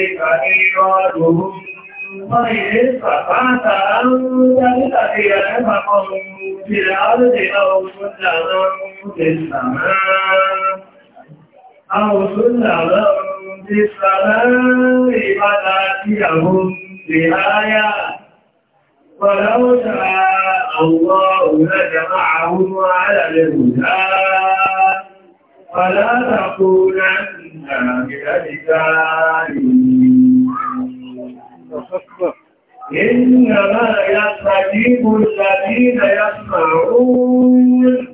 إليك إيرادهم غير فقعت أن تلتقي نفقا في الأرض أو سلما في السماء أو سلما في السماء فتأتيهم بآية ولو شاء الله لجمعهم على الهدى فلا تكونن من الجاهلين إنما يستجيب الذين يسمعون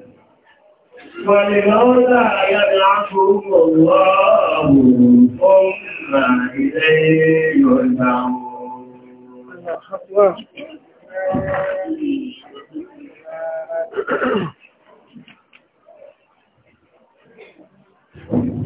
ولمولا يبعثهم الله ثم إليه يرجعون Thank you.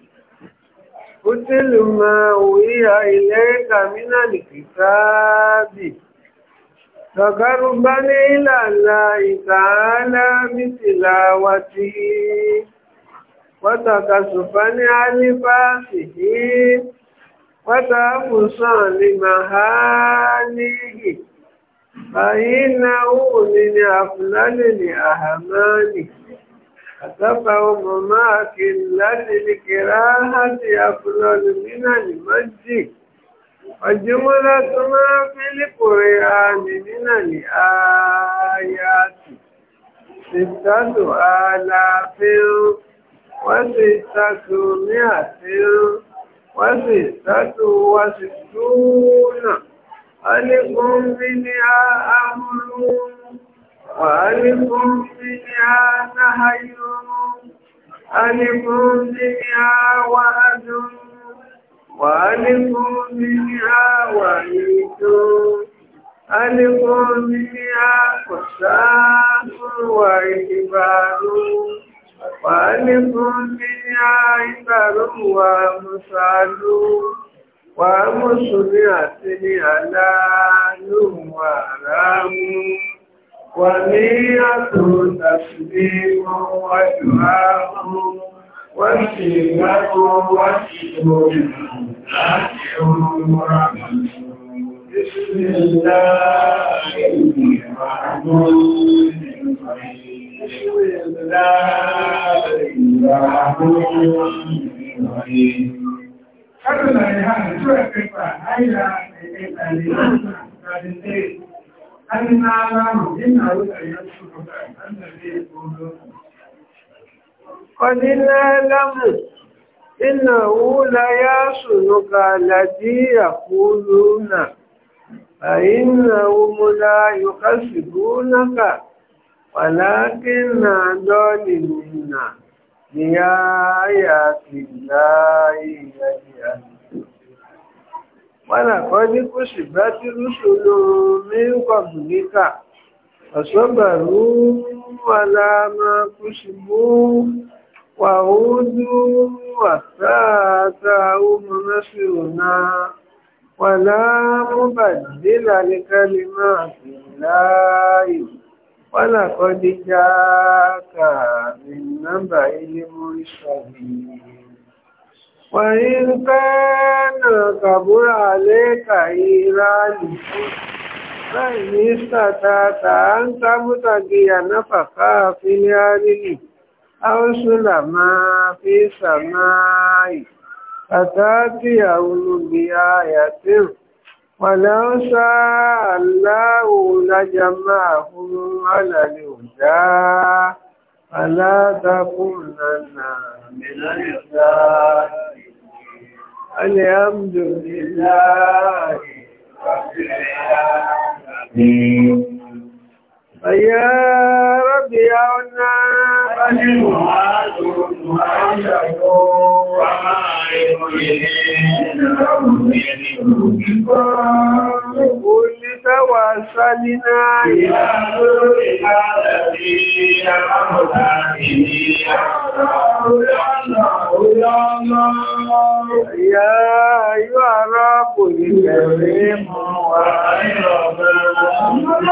قتل ما أوحي إليك من الكتاب فقربا إلى الله تعالى بتلاوته وتكسفا لباسه وتأبصا لمهانه فإنه من أفضل لأهمانه خطفهم مع قلة الكراهة أفضل من المجد وجملة ما في القرآن من الآيات ستة آلاف وستة مئة وستة وستون ألف منها أمر nwammii anahayao anịụ mii awa aụnwaemmiri awaito anịụ mmiri apụtụkụwabrụnwaemmiri aịbara wa bụtụ anụ gwa amụtụrụatirị a naanụ waraawụ ونية تسليم ودعاء وسيلة وشكر ناشر ورحمة بسم الله الرحمن الرحيم بسم الله الرحمن الرحيم 他本来他很帅，对吧？哎呀，哎哎哎，你看，他真的。أن أعلم إنه ليسرك الذي قد نعلم إنه ليسرك الذي يقولون فإنهم لا يحسبونك ولكن ظالمين بآيات الله يجهلون ولقد كسبت رسل من قبلك فصبروا على ما كسبوا وعودوا وفاتهم نصرنا ولا مبدل لكلمات الله ولقد جاءك من نبأ المرسلين وإن كان كبر عليك إيراني فإن استطعت أن تبتغي نفقا في الأرض أو سلما في السماء فتأتيهم بآية ولو شاء الله لجمعهم على الهدى فلا تكونن من الهدى الحمد لله رب العالمين يا رب يا عنا المعاد المعاشر وما كل توسلنا إلى نور الذي أمرنا به يا أيها الرب الكريم وأيها الرب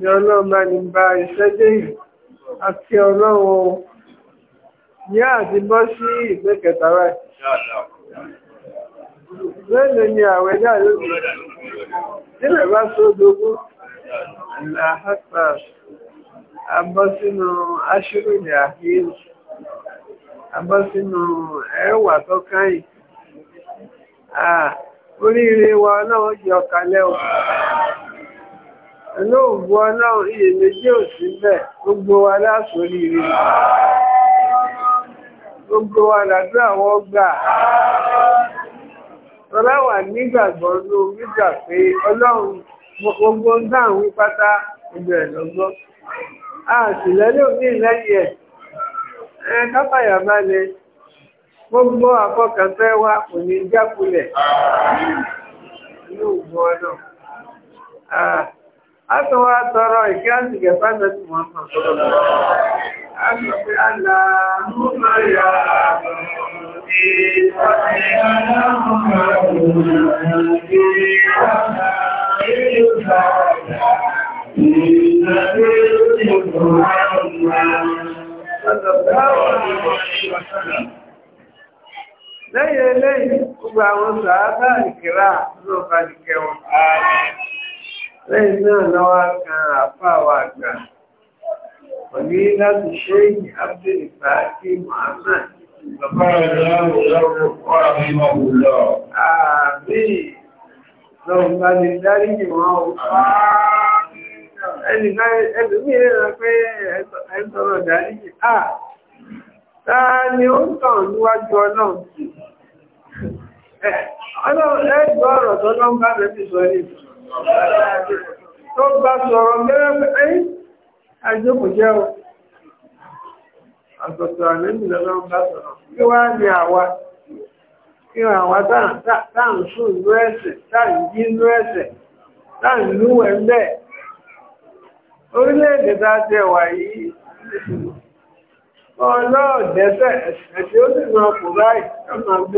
ni ọlọ́run bá ní bá iṣẹ́ dé yìí àti ọlọ́run ní àti bọ́ sí ìgbé kẹta Lẹ́nu ni àwẹ̀ dà lóbi. Nílẹ̀ bá sódogún. Àlàáfà abọ́ sínú aṣírò ní àfihàn. Abọ́ sínú ẹ̀wà tó káyìn. Oríire wa o. pẹ̀lú ògbó ọlọ́run iyèméjì ò sí bẹ́ẹ̀ gbogbo wa láṣoríire gbogbo wa làdúrà wọn gbà tọ́lá wà nígbàgbọ́ ló gbígbà pé ọlọ́run gbogbo ń dá àwọn pátá gbogbo ẹ̀ lọ́gbọ́ a sì lẹ́lẹ́ òní lẹ́yìn ẹ̀ káfàyà balẹ̀ gbogbo àfọkànfẹ́ wa kò ní jákulẹ̀ ní ògbó ọlọ́run. atọrọ a tún wá tọrọ ìkẹ́ àtìgẹ̀ fásitì wọn kan tó lọ Lẹ́yìn eléyìí, gbogbo àwọn sàádà ìkìrà ló bá lẹ́yìn náà lọ́wọ́ kan àfáàwà àgbà òní láti ṣe ìyí abdul fàájì muhammad bàbá ìlọ́wọ́ lọ́wọ́ kọ́ àmìmọ̀ òlọ́ àmì lọ́wọ́ bá lè dárí jì wọ́n ó fà ẹlùmí rẹ̀ pé ẹ̀sọ̀rọ̀ dárí jì à táà ni ó ń tàn tó bá sọ̀rọ̀ gẹ́gẹ́ ẹ̀yìn àjókò jẹ́ o àtọ̀tọ̀ àlẹ́mì lọ́lọ́ bá wá ní àwa àwa táà ń ẹ̀sẹ̀ táà táà orílẹ̀-èdè a jẹ wà yìí tí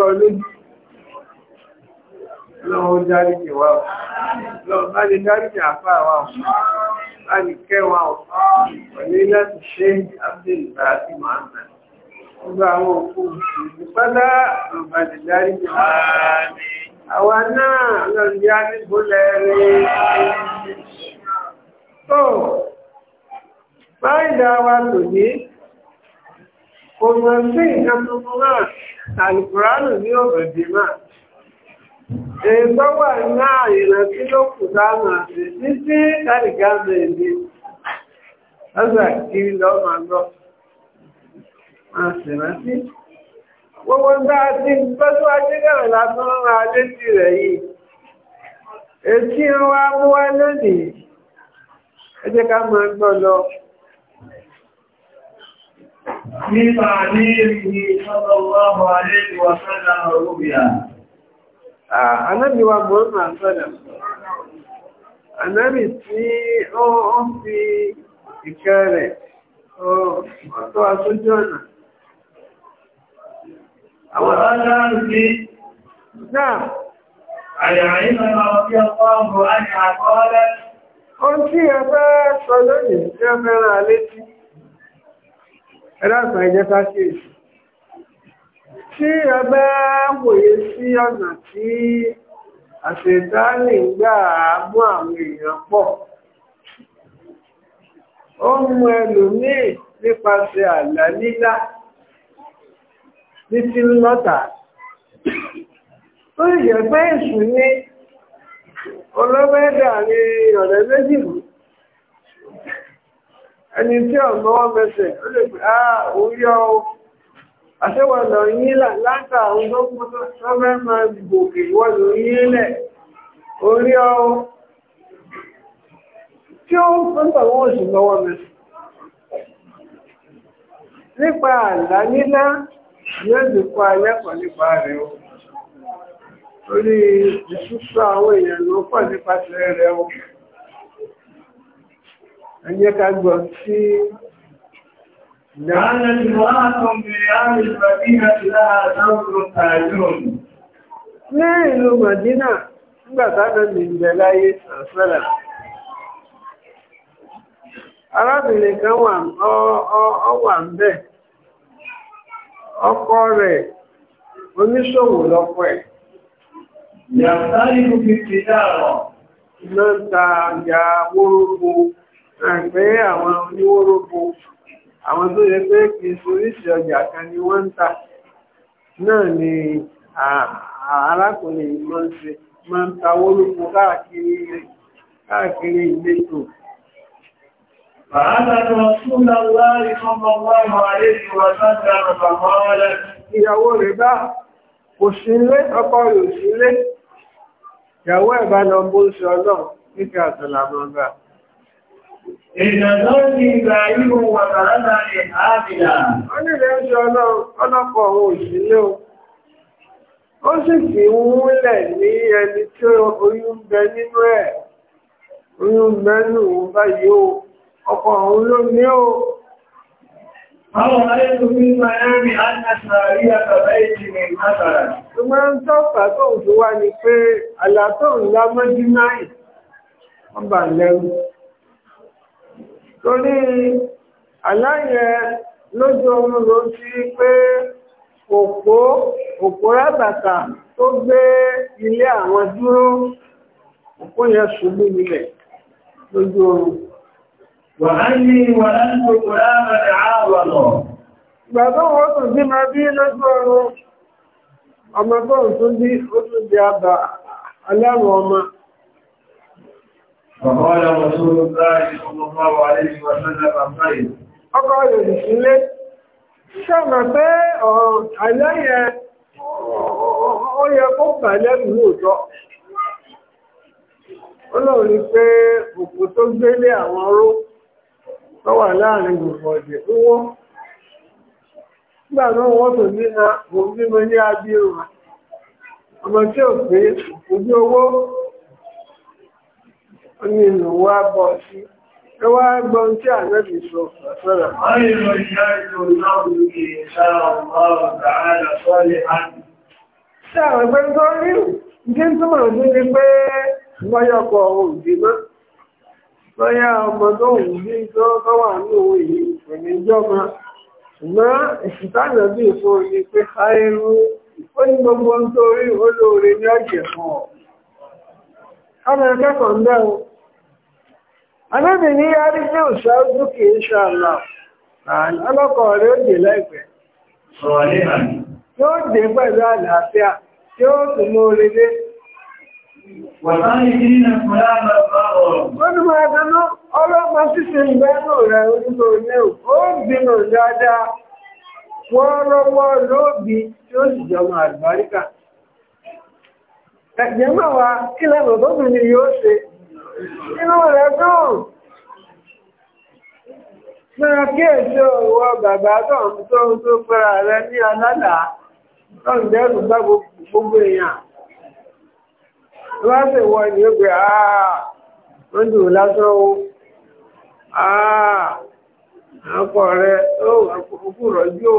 ó lọ́wọ́ dáríjì wa ọ̀ lọ́wọ́ láti dáríjì àfáà wa ọ̀ láti kẹwa ọ̀ pẹ̀lú láti ṣe abdé ìgbà àti màánà gbogbo àwọn òkú ìpádá ọ̀bà ti dáríjì wa àwa náà lọ́n yá ní àlùkùránù ní ọ̀bẹ̀dẹ̀ náà Èèkọ́ wà náà ìrìn tí ló kù dáhùn àti títí ẹ̀rìgá mẹ́rin. Lọ́sà kiri lọ máa lọ. Máa sì rántí. Gbogbo ń sí tọ́jú ajígbẹ̀rẹ̀ látọ́ rán adéjì rẹ̀ yìí. Èkí wa mú wá lónìí. Ẹ ká máa gbọ́ lọ. Nípa ní sọ́lọ́wọ́ àwọn àlejò Ànábì wa Mọ́nà Àtọ́dà, ànábì tí ó ń fi ìkẹ́ rẹ̀ ọ̀tọ́ aṣojú ọ̀nà. Àwọn ọ̀dá ń fi náà. Àyàrí lọ́nà ọdí ọkọ̀ ọ̀rọ̀ àyà àkọọ́lẹ̀. Ohun tí ẹ fẹ́ sọ lónìí tí ẹ fẹ́ràn létí. Ẹ tí ẹ bá wòye sí ọ̀nà tí àṣetánì gbà mú àwọn èèyàn pọ̀ ó mú ẹlòmíì nípasẹ̀ àlá lílá títí lọ́tà ó yẹ pé èṣù ní olówẹ́dà ní ọ̀rẹ́ méjì mú ẹni tí ọ̀nà wọn mẹsẹ̀ ó lè pè àṣẹ́wọ̀lọ̀ yílà látàrí ọgbọ́n máa gòkè wọ́lọ̀ yílẹ̀ orí ọwọ́ tí ó pẹ́ntà wọ́n sì lọ́wọ́ mi nípa àlá nílá yóò lè kọ́ ayẹ́kọ̀ nípa rẹ̀ o orí ìṣúsọ àwọn èèyàn ló pọ̀ nípasẹ̀ rẹ̀ o ẹ̀yẹ́ ká gbọ́ sí جعل امرأة من أهل المدينة لها زوج تاجر ní ìlú Màdínà nígbàtánà ní ìjẹ Arábìnrin kan wà ń bẹ̀, ọkọ rẹ̀ oníṣòwò lọ́pọ̀ ẹ̀. Yàtá ìlú fífi dáàrọ̀. Iná ta àgbẹ́ àwọn àwọn tó yẹ pé kì í soríṣi ọjà kan ni wọ́n ń tà náà ni arákùnrin máa ń ṣe máa ń ta wólóko káàkiri káàkiri ìletò. Bàálà ni wọ́n tún lọ láàrin ọmọ ọmọ ayé ìwọ̀n tó ń bàbá ọlẹ́. Ìyàwó rẹ̀ bá kò sílé, ọkọ rẹ̀ ò sílé. Ìyàwó ẹ̀ bá lọ bó ń ṣe ọlọ́run nígbà àtàlàmọ́gbà. Ìdàdọ́sí ìgbà ìlú wàtàrádà ní àbìdà. Ó nílẹ̀ ẹjọ́ ọlọ́pọ̀ o. Ó sì fi wúlẹ̀ ní ẹni tí oyún bẹ nínú ẹ̀. Oyún mẹ́nu báyìí o, ọkọ̀ òun ló ní o. Àwọn ní ń ni torí aláyẹ lójú ọmọ ló sí pé òpó òpó rábàtà tó gbé ilé àwọn dúró òpó yẹn ṣubú nílẹ̀ lójú ọmọ wà á ní wà á láàrín àwọn lọ ìgbàgbọ́ wọn tún bí máa bí lójú ọmọ فقال رسول الله صلى الله عليه وسلم خير ọkọ̀ ìrìnlẹ̀ ṣọ́nà pé àlẹ́yẹ ó yẹ kó ni pé òkú tó àwọn tó wà láàrin gbogbo ọ̀dẹ̀ owó náà wọ́n tó nínú ọmọ tí pé owó ó ní ìlú wá bọ́ sí ẹ wá gbọ́n tí ànábì sọ sọ́rọ̀. wọ́n lè lọ ìyá ètò náà lókè sára àwọn ẹgbẹ́ tó ọmọ tó ń bí tó wà ní òun yìí kò ní ṣùgbọ́n ìṣìtànà bí fún ni pé ayẹrú ó ní gbogbo ń torí olóore ní ọ̀jẹ̀ fún ọ. ọmọ ẹgbẹ́ kan bẹ́ẹ̀ anábì ní yárí pé òṣáájú kì í ṣàlà ọlọ́kọ̀ rẹ̀ ó dé láìpẹ́ yóò dé pẹ̀lú àlàáfíà yóò tún mú orílẹ̀ Wọ́n máa dánú ọlọ́pàá síse ìgbẹ́nù rẹ̀ Inú rẹ̀ dùn. Máa kí èso ìwọ bàbá tó ń tó ń tó pẹ́ra rẹ ní alálàá tó ń bá gbogbo èèyàn. Láti wọ ni ó gbé àá wọ́n dùn lásán ó. rẹ̀ ó rọ̀jú ó.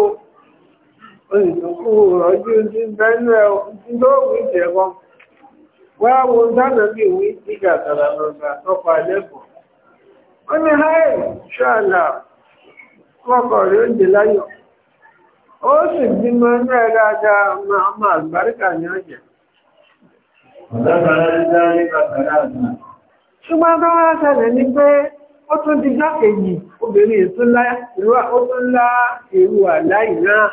tó kú rọ̀jú wá wo dáná bí ìwé gíga tààrà lọ́gbà tọ́pa lẹ́kọ̀ọ́ wọ́n ní háì oúnjẹ láyọ̀ ó sì bímọ ní ní ọ̀jẹ̀ ṣùgbọ́n tó wá ṣẹlẹ̀ ní pé ó tún di jákèjì obìnrin ìrú àláì náà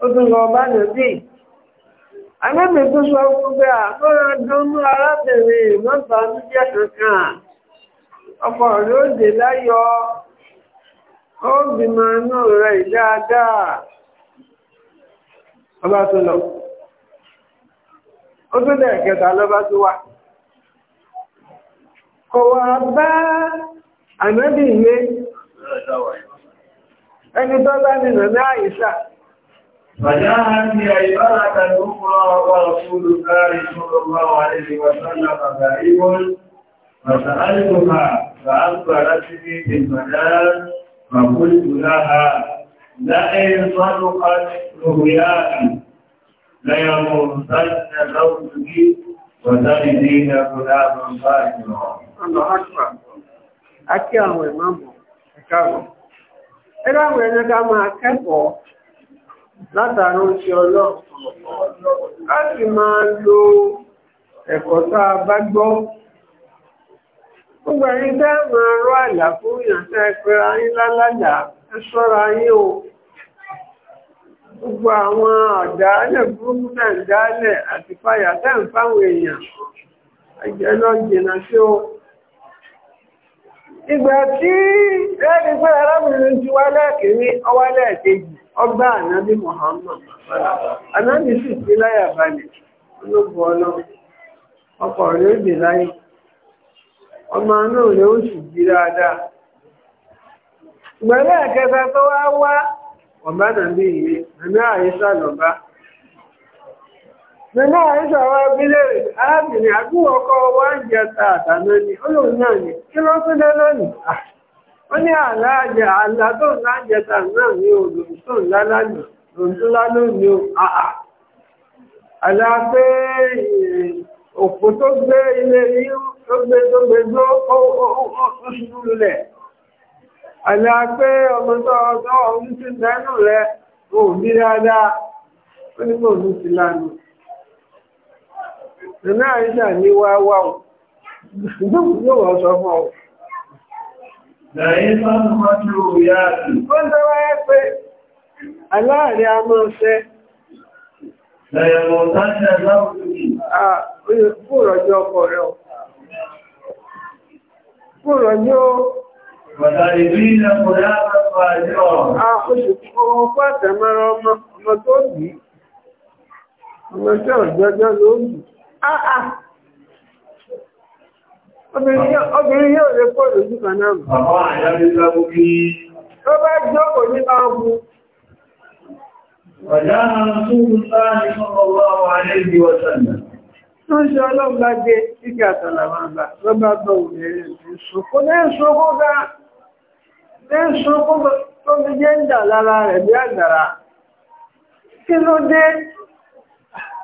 ó tún lọ bá Alẹ́bẹ̀ tó sọ fún pé àkọ́rọ̀ dánú arábìnrin mọ́ta ní jẹ́ kankan. Ọkọ rẹ̀ ó dé láyọ̀, ó bímọ inú rẹ̀ dáadáa. Ọba tó lọ. Ó tó dẹ̀ kẹta lọ́ba tó wá. Kò wá bá ànábì ilé. Ẹni tó bá nínú ní فجاءت عبارة أخرى ورسول الله صلى الله عليه وسلم غائب فسألتها فأخبرتني بالمنام فقلت لها لئن صدقت رؤياك ليموتن زوجك وتجدين غلاما صائما. الله أكبر. أكبر أكبر أكبر أكبر أكبر أكبر أكبر ẹ̀yẹ́ látàrí oúnjẹ ọlọ́run láti máa lo ẹ̀kọ́ tá a bá gbọ́ gbogbo ẹ̀yin tẹ́ máa rọ àlà fún ìyànṣẹ́ ẹ̀pẹ̀rẹ̀ ayé lálàlà ẹ ṣọ́ra ayé o gbogbo àwọn àdáálẹ̀ burúkú náà dáálẹ̀ àti fàyà tẹ́ ń fáwọn èèyàn ẹgbẹ́ lọ jìnà sí o ìgbà tí ẹni pé arábìnrin ti wá lẹ́ẹ̀kìní ọwá lẹ́ẹ̀kejì ọgbà ànábì Muhammad ànábì sì sí láyà balẹ̀ olóògbé ọlọ́run ọkọ̀ rẹ̀ ó dè láyé ọmọ náà rẹ̀ ó sì jí dáadáa ìgbàlẹ̀ ẹ̀kẹta tó wá wá ọ̀bá nàbí ìyẹn nàbí àyíṣà lọ́ba Nínú àìsà wá bílẹ̀ rẹ̀, arábìnrin àbúrò ọkọ̀ wá ń ni, ó náà ni, kí onye ala àlá àjẹ àlá tó ń lájẹ ta náà ní odò tó ń lálá lò ń lá lónìí o àà àlá pé o tó gbé ilé yìí tó gbé tó gbé tó ó ṣubú lulẹ̀ àlá pé ọmọ tó ọjọ́ ọ̀hún ti dánú rẹ ò bí dáadáa yóò sọ fún ọ. Lẹ́yìn lọ́nà mọ́jú òyà àti. Wọ́n tọ́wọ́ ẹ́ pé aláàrẹ a máa ṣẹ́. Lẹ́yìn mọ̀ tánà láwùjú yìí. Ah, fún ìrọ̀jọ́ ọkọ̀ rẹ̀ ọ̀. Fún ìrọ̀jọ́ Bàtàrí bí i lẹ́kùn láàrín ọ̀pàá ìjọ́. Ah, oṣù kọ́ pàtàkì mọ́ra ọmọ tó bìí. Ọmọ tí ọ̀jọ́jọ́ ló bìí. Ah, ah. Obìnrin yóò lè pọ̀ lójú kan náà. Bàbá àyàrí lábú bí. Ó bá jókòó ní ọgbù. Ọ̀dá àwọn tó ń sáàrí fún ọwọ́ àwọn àlébí ọ̀sánà. Tó ń ṣe ọlọ́gbà jẹ́ ìgbà àtàlàmàbà lọ́bá bọ̀ òmìnirin ìṣòkó lẹ́ṣòkó bá lẹ́ṣòkó tó fi jẹ́ ń dà lára rẹ̀ bí àgbàrá. Kí ló dé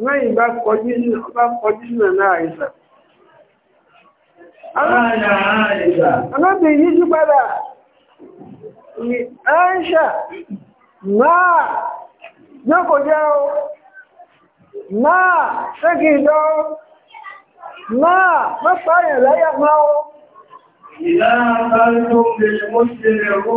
lẹ́yìn bá kọjú nà náà àìsà. Alábìn yìí jú padà ní àìsà máa jókò jẹ́ o, máa ṣẹ́kì ìjọ o, máa mọ́pàá yẹ̀ láyà máa o. Ìlànà bá ń tó bèèrè mọ́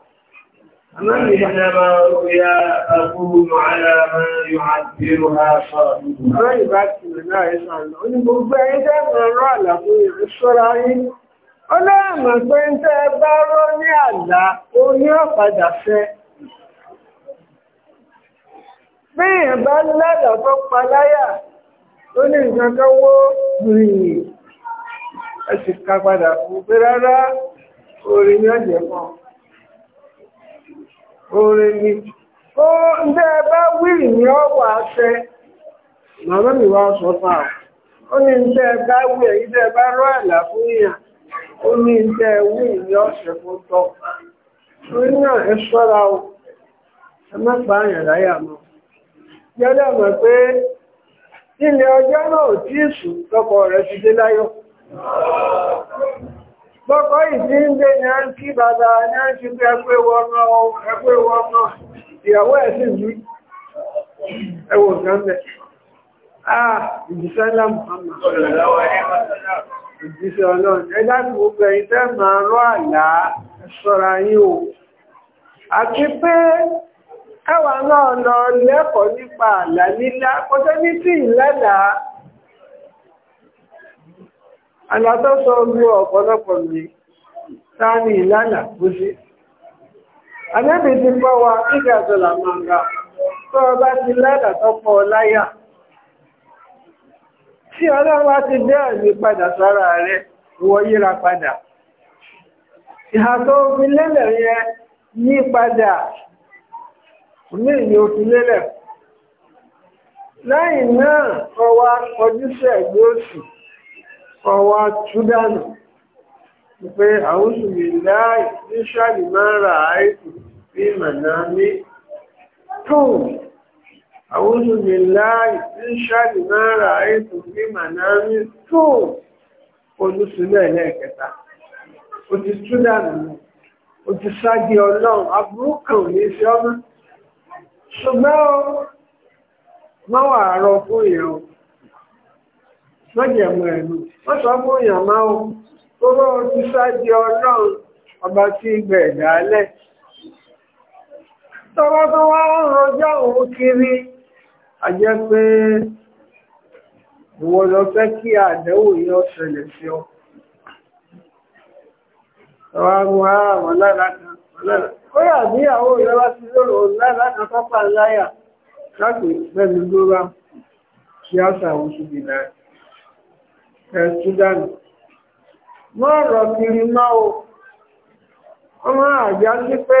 من إنما رؤيا أقوم على ما يعبرها صاحبها. ما يبكي لنا يسأل أن بعيدا من رأى إسرائيل Ọlọ́run pé ń tẹ́ bá rọ́ ní àlá ó ní ọ̀padà fẹ́. Bí ìbá ládà tó pa láyà, ó ní nǹkan rìnrìn. Ẹ ká padà fún pé rárá, orin yóò jẹ́ fún oore ni ó ndé ẹ wíì ní ọwọ́ àṣẹ màmá mi wá sọ fún ó ní ndé bá wíì èyí ndé bá rọ àlà fún yàn ó ní ndé wíì ní ọ̀sẹ̀ fún tọ́ ní náà ẹ ṣọ́ra o ẹ má pa àyàn láyà mọ́ yálà mọ̀ pé ọjọ́ náà ò tí ì sùn tọkọ ti dé láyọ̀. Tọ́kọ́ ìdí ń gbé ní án kí bàbá ní án ti gbé ẹgbẹ́ wọ́nà ìyàwó ẹ̀sìn yìí ẹwọ ìgbẹ́mẹ̀. Ah, ìjíṣẹ́ ńlá Muhammad. Ìjíṣẹ́ ọlọ́run. Ẹgbẹ́ gbogbo ẹ̀yìn tẹ́ máa rọ́ àlá ṣọ́ra yín o. Àti pé ẹwà náà lọ lẹ́kọ̀ọ́ nípa àlá lílá, kò sẹ́ni alátọ́sọ orí ọ̀pọ̀lọpọ̀ mi sáàrin ìlànà kú sí alẹ́bí ti pọ́ wa nígbà tó máa ga tó ọba ti lẹ́dà tó láyà tí ti ẹ̀mí padà sára rẹ̀ yíra padà náà ọwá ọwá túdánù pé àwúsù lè láì ní ṣàlì máa rà áìkù bí màná ní tóun àwúsù lè láì ní ṣàlì máa rà áìkù bí màná ní tóun olùsùlẹ̀ lẹ́ẹ̀kẹta o ti túdánù mọ́ o ti sáàgì ọlọ́run aburú kan ní iṣẹ́ ọmọ ṣùgbọ́n ó máa rọ fún ìrọ̀ lọ́jẹ̀mú ẹ̀lú wọ́n sọ fún èèyàn máa ń tóró ti sáájú ọlọ́run ọba tí ibẹ̀ dálẹ̀ tọ́wọ́ tó kiri àjẹ́ pé ìwọ lọ fẹ́ kí àdẹ́wò lára ẹ̀sùn dànù wọ́n rọ̀ kiri mọ́ o ọmọ àjá sí pé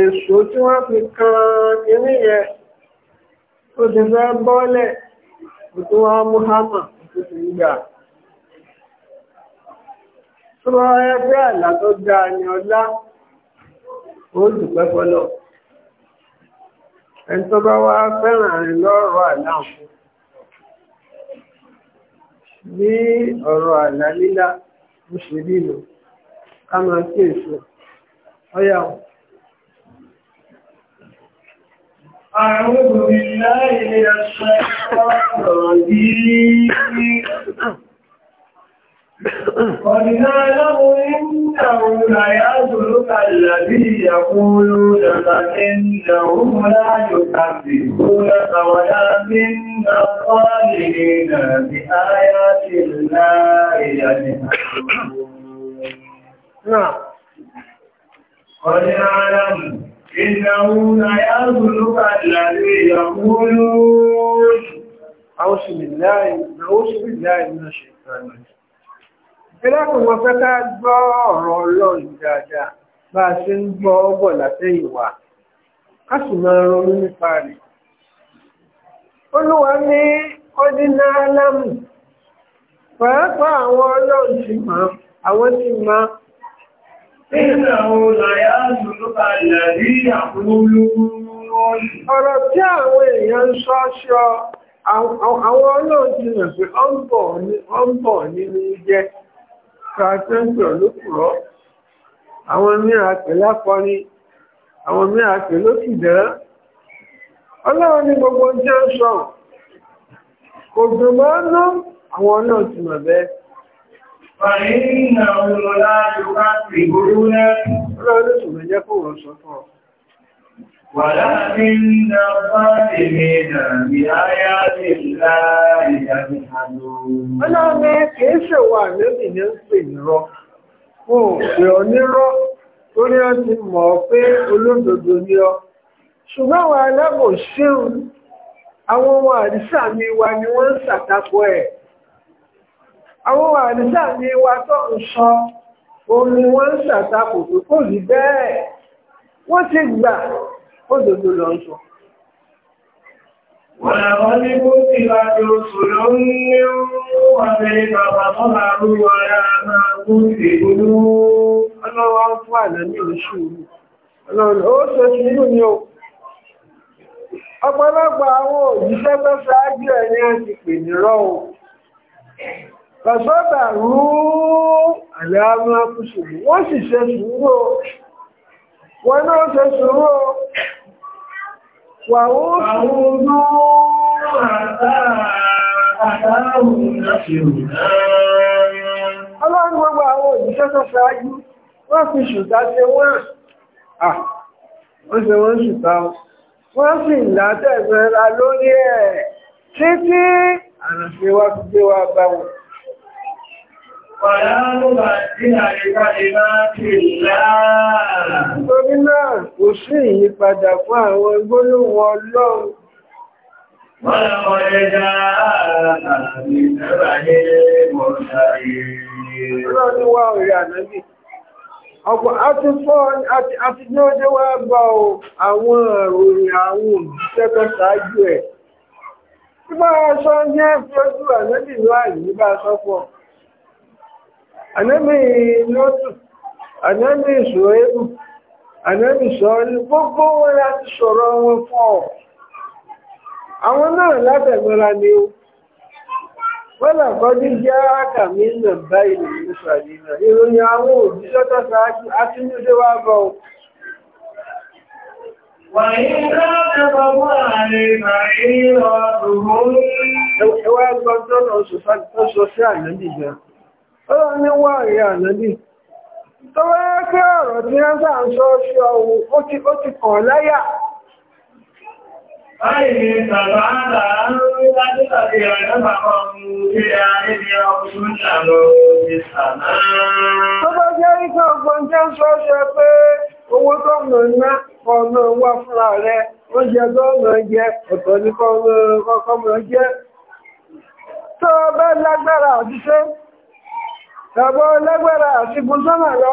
èso tí wọ́n fi kan kiri yẹn ó ti fẹ́ bọ́lẹ̀ kò tó wá mú hámà tó ti gbà tó bá tó ní ọlá ó dùpẹ́ ẹni tó bá wá fẹ́ràn rẹ̀ lọ́rọ̀ bí ọ̀rọ̀ àlá lílá bó ṣe rí lò ká máa kí èso ọyà o. أعوذ بالله من الشيطان الرجيم قد نعلم إنه ليحزنك الذي يقولون فإنهم لا يكذبونك ولكن خالدين بآيات الله يجهدون نعم قد يعلم إنه ليظلم الذي يقولون أعوذ بالله أعوذ بالله من الشيطان الرجيم Ìlẹ́kùn wọn fẹ́ ká gbọ́ ọ̀rọ̀ ọlọ́run dáadáa bá a ṣe ń gbọ́ ọgbọ̀ látẹ́yìnwá. Ká sì máa ronú nípa rẹ̀ olúwa ní ọdínà alámù pàápàá àwọn ọlọ́run ti mọ̀ àwọn ti mọ̀ ọ̀rọ̀ tí àwọn èèyàn ń sọ ṣọ àwọn ọlọ́run ti mọ̀ pé ọ ń bọ̀ nínú jẹ́ pàtẹ́ǹtì lókùrọ́ àwọn mìíràn pẹ̀lápọ̀ ni àwọn mìíràn pẹ̀lókìdán ọlọ́run ní gbogbo jẹ́ sọ kò dùn mọ́ ná àwọn náà ti mọ̀ bẹ́ẹ̀ ولكن الظالمين بآيات الله يجحدون Ọlọ́run kìí ṣe wà lóbi ní ń pè nírọ́. Fún òpè onírọ́, torí ó ti mọ̀ pé olódodo ni ọ ṣùgbọ́n àwọn alábò ṣéun àwọn ohun àdìsá mi wa ni wọ́n ń ṣàtakò ẹ̀ àwọn ohun àdìsá mi wa tó ń sọ òun ni wọ́n ń ṣàtakò tó kò rí bẹ́ẹ̀ wọ́n ti gbà òdodo lọ sọ. Wọ́n àwọn ní kó ti bá ti oṣù ló ń ní wọ́n fẹ́ bàbá tó bá rú ọ̀rá máa kú sí ìgbóná. Ọlọ́wọ́ fún àná ní ìṣòro. Ọlọ́run ó ṣe sùúrù ni o ọ̀pọ̀lọpọ̀ àwọn òjíṣẹ́ tó ṣáájú ẹ̀ ní àti pè ní rọ́ọ̀ pàṣọ́tà rú àlàáfíà akúṣùlù wọ́n sì ṣe sùúrù wọn náà ṣe sùúrù wàwọ́ sùúrù ọlọ́run gbogbo àwọn òjíṣẹ́ tó ṣáájú wọ́n fi ṣùtá ṣe wọ́n à wọ́n ṣe wọ́n ṣùtá wọn wọ́n sì látẹ̀mẹ́ra lórí ẹ̀ títí àrànṣe wá fi gbé wá bá wọn. Torí náà kò sí ìyípadà fún àwọn gbólóhùn Ọlọ́run. Wọ́n lọ́wọ́ ẹja ààrẹ àti ìjọba ní mọ́ṣàrí. Ọlọ́run wá orí ànábì ọ̀pọ̀ a ti fọ́ àti ní ó jẹ́ wá gba àwọn ìròyìn àwọn òṣìṣẹ́ tó ṣáájú ẹ̀ tí bá a sọ ní ẹ̀fí ojú ànẹ́bì ló àìní bá a sọ pọ̀ ànẹ́bì lótù ànẹ́bì ìṣòwébù ànẹ́bì sọ́ọ́lù gbogbo wọn láti sọ̀rọ̀ wọn fọ́ àwọn náà látẹ̀gbẹ́ra ni ó wọ́lá kọjú jẹ́ àkàmì nà báyìí nínú ṣàdínà ìròyìn àwọn òjíṣẹ́ tó ṣáájú atúnúdé wá bọ̀ ọ́. Ẹwà ẹgbọ́n tó lọ sọ sí ànábì gan. Ọlọ́run ní wà rí ànábì. Tọ́wọ́ ẹ́ pé ọ̀rọ̀ tí wọ́n bá ń sọ sí ọ̀hún ó ti kàn láyà. Báyìí ni bàbá àgbà ń rí lájú tàbí àjọ́bà kan mú kí a níbi ọkùnrin ìṣàlọ́ ìṣàlá. Tó bá jẹ́ wípé ọgbọ̀n jẹ́ ń sọ ṣe pé owó tó mọ̀ ná ọ̀nà wà fúnra rẹ̀, oúnjẹ tó mọ̀ jẹ ọ̀tọ̀ ní kọ́kọ́ mọ̀ jẹ́. Tó bá lágbára àti ṣe, tàbí lágbára àti gùn sọ́nà lọ,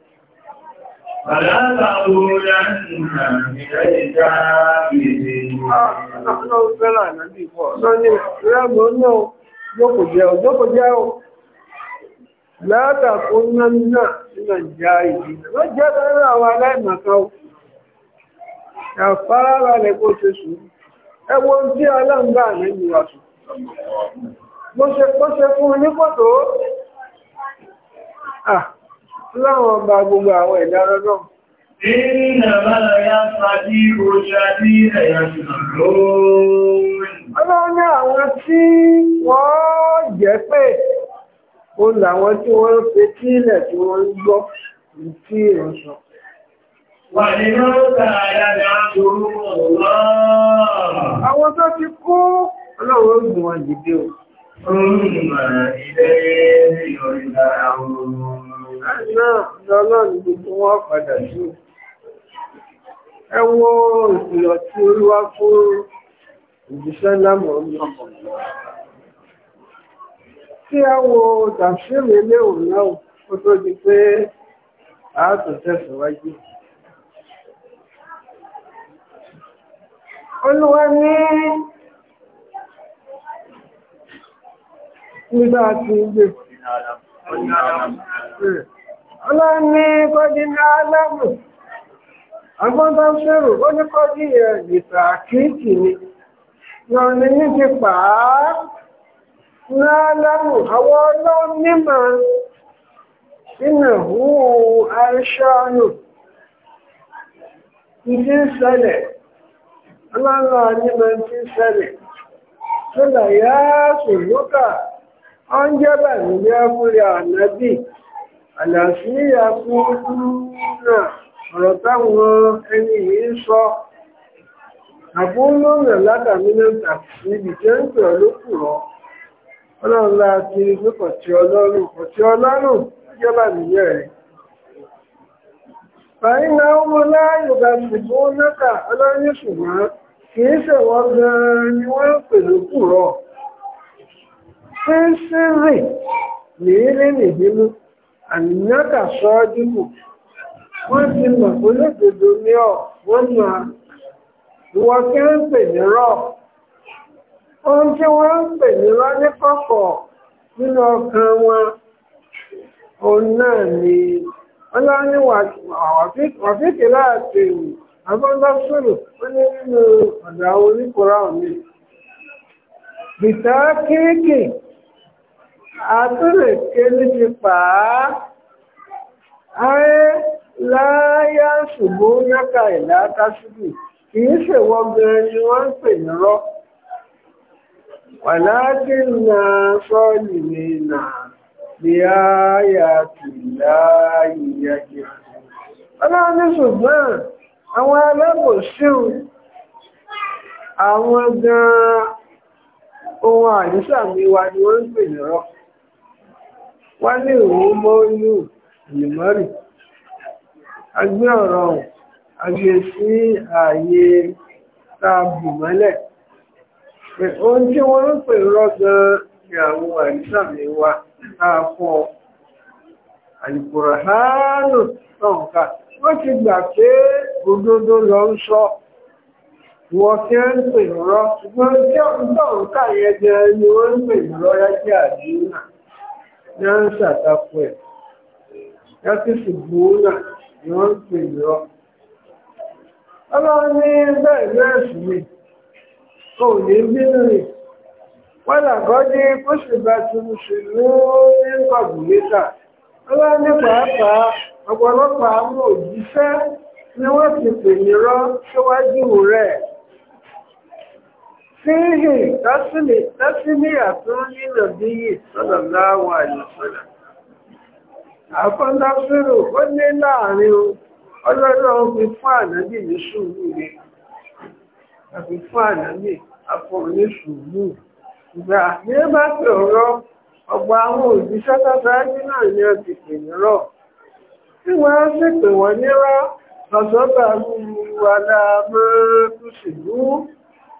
فلا تقولن من náà nínà já ìdí. Lọ́ jẹ́ tẹ́lẹ̀ àwọn aláìmọ̀ká ò, ṣàfárá rà lẹ́kọ́ ṣe tí aláǹgbà Mo ṣe fún ní ah, láwọn ọba gbogbo àwọn ẹ̀dá rọ́rọ̀. Ọlọ́run ní àwọn tí ó làwọn tí wọ́n ń pe kí Àwọn tó ti kú ọlọ́run ó wọn jìdí o. Ó ń gbà ilẹ̀ ìrìnlẹ̀ àwọn náà lọ́lọ́ ní gbogbo wọn padà sí ẹ wo ìkìlọ̀ tí olúwa fún òjíṣẹ́ lámọ̀ ọmọ tí ẹ wo tàṣírí ilé òun náà tó di pé a tó tẹ̀síwájú olúwa ní nígbà tí ń gbé ọlọ́ni kọjí ní alámù agbọ́ntọ́ ṣèrò ó ní kọjí ni ní ti pàá ní alámù àwọn ọlọ́run mímọ̀ sínú hùwù ìdí ìṣẹ̀lẹ̀ ti ṣẹlẹ̀ tó lọ sùn lókàá ó ń jẹ́ bàmílẹ́ fúnra ànábì àlàáfíà fún náà ọ̀rọ̀ táwọn ẹni yìí ń sọ àbúrúmọ̀nà látàmínà níbi jẹ́ ń pè ọ́ ló kù rọ́ ọlọ́run la ti pípọ̀ tí ọlọ́run pọ̀ tí ọlọ́run jẹ́ bàmílẹ́ rẹ̀ fàyínà ọmọ láàyò bá ṣùgbọ́n náà ọlọ́run ṣùgbọ́n kì ṣèwọ́ gan-an ni wọ́n pè lókù rọ̀. sirri na ire nìbínú àníyànká sọ́ọ́dí mọ̀ wọ́n tí wọ́n ń pè ní rọ̀ ní kọ̀kọ̀ nínú ọkàn wọn òun náà ni láti ní nínú ọ̀dà kéèkèé. àtúrèké ní ti pàá ayé láyá ṣùgbọ́n yáka ìlà kásìkì kìí ṣèwọ gan ni wọ́n ń pè ní rọ́ wàláàkì na sọ́ọ̀lì ní nà ní ààyà kìlá ìyàjẹ́ ọlọ́run ní ṣùgbọ́n àwọn alábòsíun àwọn gan ohun àdísàmì ni wọ́n pè ní rọ́ wọ́n ní ìwọ̀n mọ́yú ìmọ́rì agbé ọ̀rọ̀ agbé e sí ààyè táàbù mọ́lẹ̀ pé ohun tí wọ́n ń pè rọ́gan ni àwọn àìsàmì wa káàkọ́ àìkùrọ̀hánù tọ̀nkà wọ́n ti gbà pé òdodo lọ ń sọ wọ́n tí ń pè rọ́ ṣùgbọ́n tí yẹn ni wọ́n ní à ń ṣàtakò ẹ̀ yàtìsì bùúnà ni wọ́n ń pè ọlọ́run ni ní bínú rẹ̀ wọ́n làgọ́dé kó sì bá tuntun sí ní kọ̀bùlẹ́tà ọlọ́run ní pàápàá ni فيه تسمية للنبي صلى الله عليه وسلم àfọ́ndáfẹ́rò ó o ọlọ́rọ̀ fi fún ànábì ní ṣùgbù rẹ̀ àfi fún ànábì afọ ní ṣùgbù ìgbà ní bá pè ọ̀rọ̀ ọgbà àwọn òjíṣẹ́ tọ́tàájú náà ni ó tí wọ́n á sì pè wọ́n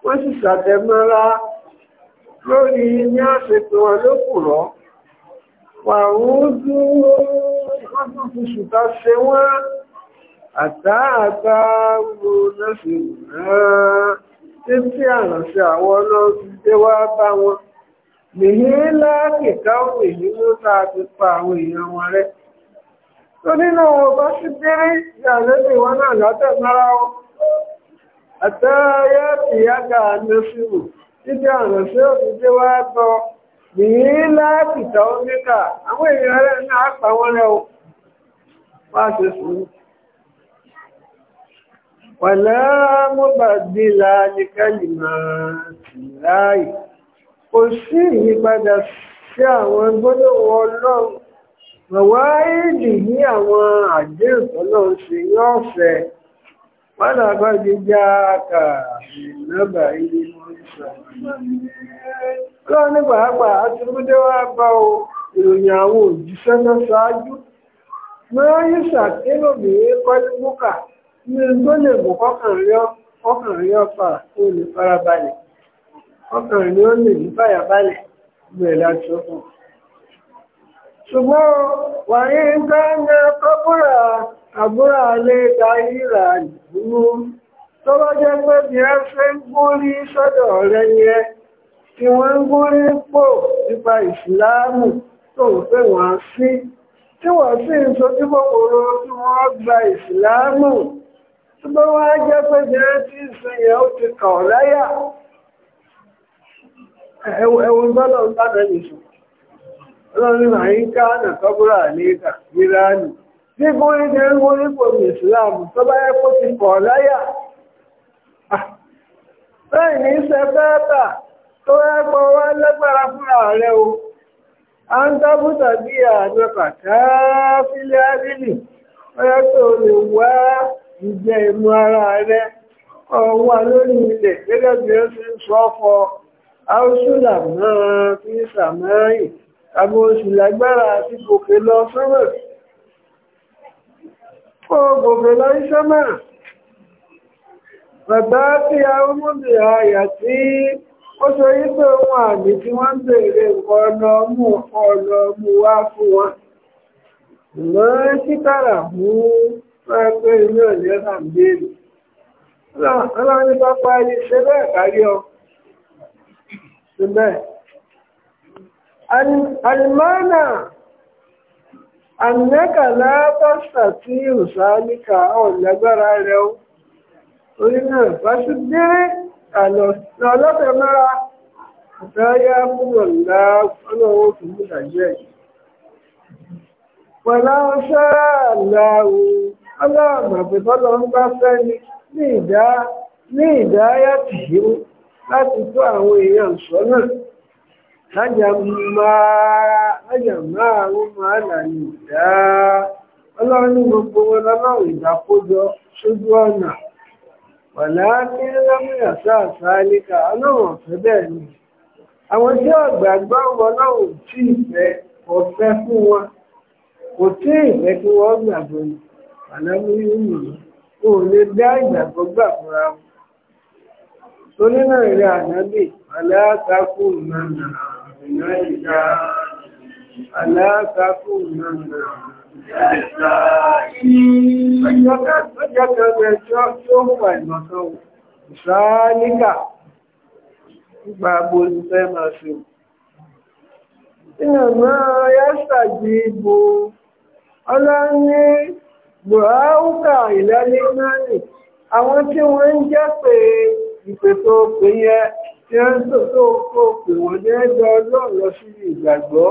wọ́n sì ṣàtẹ̀mọ́ra lórí ní àṣepẹ̀ wọn ló kù rọ́ pàrún dúró wọ́n tún fi ṣùtá ṣe wọ́n àtàgbà wo lọ́sẹ̀ náà títí àrànṣẹ́ àwọn ọlọ́run dé wá bá wọn nìyí lákìíká òun èyí ló tá ti pa àwọn èèyàn wọn rẹ́ tó nínú ọba sí bẹ́rẹ́ ìyàlẹ́bí wọn náà látẹ̀mára wọn àtẹ́yẹ́ ìyága nẹ́sìrù títí àrùn sí òfìdí wá tọ́ nìyí láàpìtà oníkà àwọn èèyàn rẹ̀ náà pa wọ́n rẹ̀ o wá ṣe sùn pẹ̀lẹ́ mọ́bàdìlà nìkẹ́lì máa sì láàyè kò sí ìyípadà sí àwọn gbólóhùn ọlọ́run mọ̀wá ìdì ní àwọn àdéhùn ọlọ́run ṣe yọ́ ọ̀fẹ́ Ọ na نبأ Ọlọ́run nígbà àgbà àti rúdé wá bá o ìròyìn àwọn òjíṣẹ́ náà ṣáájú. Mọ́rá yìí ṣàkérò mìí kọ́lé múkà ní tó lè mú ọkàn rí fara ní fàyà àbúrà alẹ́ta ìrà ìgbúrú tó bá jẹ́ pé bí ẹ fẹ́ gúnrí sọ́dọ̀ rẹ yẹ tí wọ́n ń gúnrí pò nípa ìsìláàmù tó ń pè wọ́n sí tí wọ́n sì ń sojú kòkòrò tí wọ́n gba ìsìláàmù tó bá jẹ́ pé bí bí gbóyún ṣe ń wọ́n nípò ní ìsìláàmù tó bá yẹ kó ti kọ̀ láyà ah, bẹ́ẹ̀ ní ṣe fẹ́ẹ́tà tó yẹ kó wá lágbára fúnra rẹ̀ o a ń dábùtà bí àjọ kàkà fílẹ̀ ábílì ó yẹ kó lè wá ìjẹ ìmú فوقفل السماء Bàbáàtí àwọ́mọ́dé àyà tí ó sọ yí pé wọn àmì tí wọ́n bèèrè ọ̀nà ọmọ ọ̀nà ọmọ wá fún wọn. Ìmọ̀ràn títàrà mú pẹ́pẹ́ ọ̀lẹ́ bá ṣe bẹ́ẹ̀ kárí ọ. bẹ́ẹ̀. àníkà lábàṣà tí òṣàlíkà ọ̀lágbára rẹ̀ ó orí náà fásitìrì àlọ́tẹ̀ mẹ́ra àtàyà púpọ̀ láàpọ̀lọ́wọ́ fún ìdàjẹ́ yìí pẹ̀lá ọṣẹ́ àláwò ọlọ́ọ̀mọ̀pẹ̀tọ́lọ́ ń bá fẹ́ ní ìdáyàtì yìí láti tó àwọn èèyàn sọ́nà. lájàmáàrún máa lànà ìdá ọlọ́run ní gbogbo wọn lọ́lọ́run ìdákójọ sójú ọ̀nà pẹ̀lá ní lámìnà sáàsá níka ọlọ́run ọ̀fẹ́ bẹ́ẹ̀ ni àwọn tí ọ̀gbàgbọ́ ọlọ́run tí ìfẹ́ ọ̀fẹ́ fún wọn kò tí ìfẹ́ kí wọ́n gbàgbọ́ ni àlámúyú nìyí kò lè dá ìgbàgbọ́ gbà fúnra wọn torí náà rí ànábì aláàtàkùn náà إليك ألا تكونن Ìsáníkà nípa agbóhùn fẹ́ máa ṣe. Ìrìnà yásàjì ìbò ọlọ́ní Bùháúkà ìlẹ́lẹ́ náà nì, àwọn tí wọ́n ń jẹ́ pé ìpè tó pè yẹ tí ó ń tò tó kó pè wọ́n jẹ́ ẹgbẹ́ ọlọ́run lọ sí ìgbàgbọ́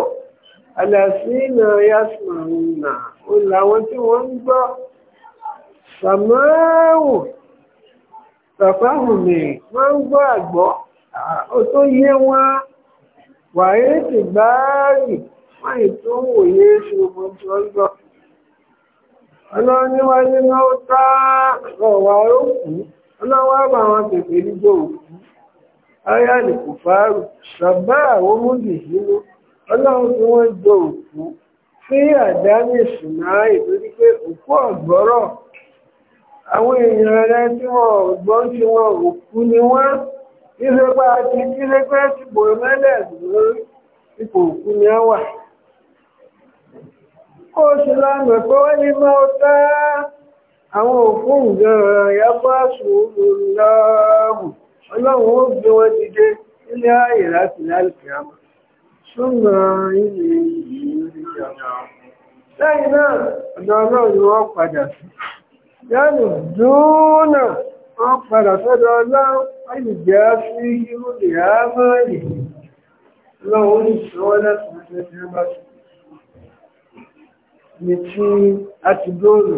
àlàsínà yasmanna ó làwọn tí wọ́n ń gbọ́ sàmáwò sàfáhùnmí wọ́n ń gbọ́ àgbọ́ ó tó yé wọn wàyé ti gbáàgì wọ́n ètò òye ṣòro tí wọ́n gbọ́ ọlọ́run níwájú náà ó tá ọ̀wà ó kù. ọlọ́wọ́ àbọ̀ àwọn pèpè nígbà òkú ayá lè kò fàárù ṣàbá àwọn múlì nínú ọlọ́run tí wọ́n jọ òkú sí àdáni ìṣùnáà ìtorí pé òkú ọ̀gbọ́rọ̀ àwọn èèyàn rẹ tí wọn gbọ́ tí òkú ni wọ́n ìrẹ́pẹ́ àti ìrẹ́pẹ́ ti bò mẹ́lẹ̀ lórí ipò àwọn òkú gan-an yàgbọ́ àṣùwò lọ́ọ̀hù ọlọ́run ó gbé wọn dìde nílé ààyè láti láìpẹ́ àmọ́ ṣùgbọ́n ilé ìlú ti jàmọ́. lẹ́yìn náà ọ̀dọ̀ ọlọ́run ni wọ́n padà ní ìṣọwọ́ láti ṣe ṣe bá ṣe. Ní tí a ti dóòlù